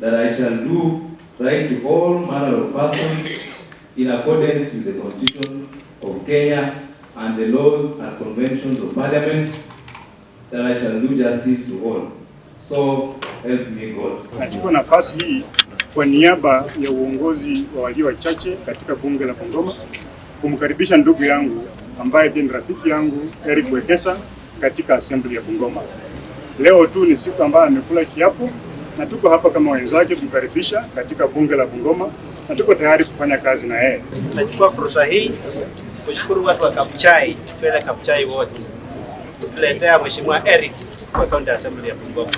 that I shall do right to all manner of persons in accordance with the Constitution of Kenya and the laws and conventions of Parliament, that I shall do justice to all. So help me God. Nachukua nafasi hii kwa niaba ya uongozi wa walio wachache katika bunge la Bungoma kumkaribisha ndugu yangu ambaye pia ni rafiki yangu Eric Wekesa katika assembly ya Bungoma. Leo tu ni siku ambayo amekula kiapo na tuko hapa kama wenzake kumkaribisha katika bunge la Bungoma na tuko tayari kufanya kazi na yeye. Nachukua fursa hii kushukuru watu wa Kabuchai, tuele Kabuchai wote kutuletea Mheshimiwa Eric kwa County Assembly ya Bungoma.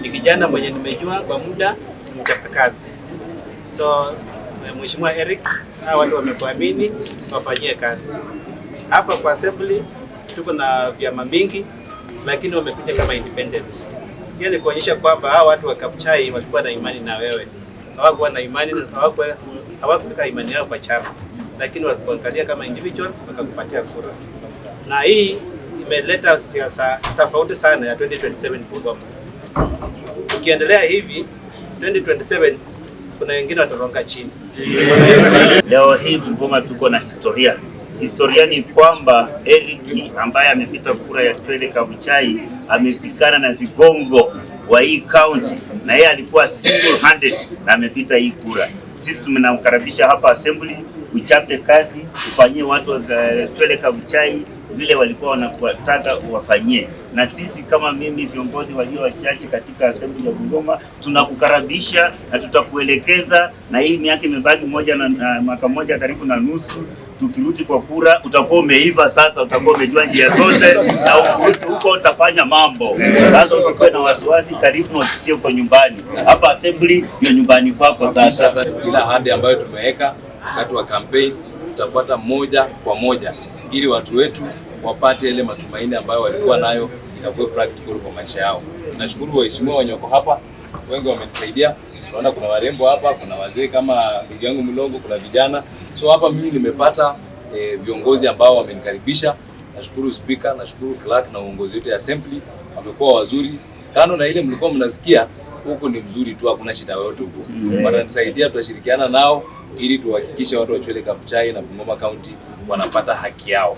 Ni kijana mwenye nimejua kwa muda, mchapa kazi, so eh, Mheshimiwa Eric, hawa watu wamekuamini, wafanyie kazi hapa kwa assembly. Tuko na vyama mingi, lakini wamekuja kama independent hiyo ni kuonyesha kwamba hawa watu wa Kabuchai walikuwa na imani na wewe, hawakuwa na imani, hawakuweka imani yao kwa chama, lakini walikuangalia kama individual wakakupatia kura, na hii imeleta siasa tofauti sana ya 2027 Bungoma. Ukiendelea hivi 2027 kuna wengine wataronga chini. Leo hii Bungoma tuko na historia Historia ni kwamba Eric ambaye amepita kura ya Twele Kabuchai amepikana na vigongo wa hii county, na yeye alikuwa single handed na amepita hii kura. Sisi tumenamkaribisha hapa assembly, uchape kazi, ufanyie watu wa eh, Twele Kabuchai vile walikuwa wanataka uwafanyie Na sisi kama mimi, viongozi walio wachache katika Assembly ya Bungoma, tunakukaribisha na tutakuelekeza, na hii miaka imebaki moja na, na mwaka moja karibu na nusu tukirudi kwa kura utakuwa umeiva sasa, utakuwa umejua njia zote na ukuti huko utafanya mambo sasa. Usikuwe na wasiwasi, karibu na usikie uko nyumbani. Hapa Assembly ndio nyumbani kwako. Sasa kila ahadi ambayo tumeweka wakati wa campaign tutafuata moja kwa moja ili watu wetu wapate ile matumaini ambayo walikuwa nayo, inakuwa practical kwa maisha yao. Nashukuru waheshimiwa wenye wako hapa, wengi wamenisaidia. Naona kuna warembo hapa, kuna wazee kama ndugu yangu Mlongo, kuna vijana. So hapa mimi nimepata e, viongozi ambao wamenikaribisha. Nashukuru spika, nashukuru clerk na uongozi wote assembly, wamekuwa wazuri. Kano na ile mlikuwa mnasikia huku ni mzuri tu, hakuna shida yoyote huko. Mm. Watanisaidia, tutashirikiana nao ili tuhakikishe watu wa Chwele Kabuchai na Bungoma County wanapata haki yao.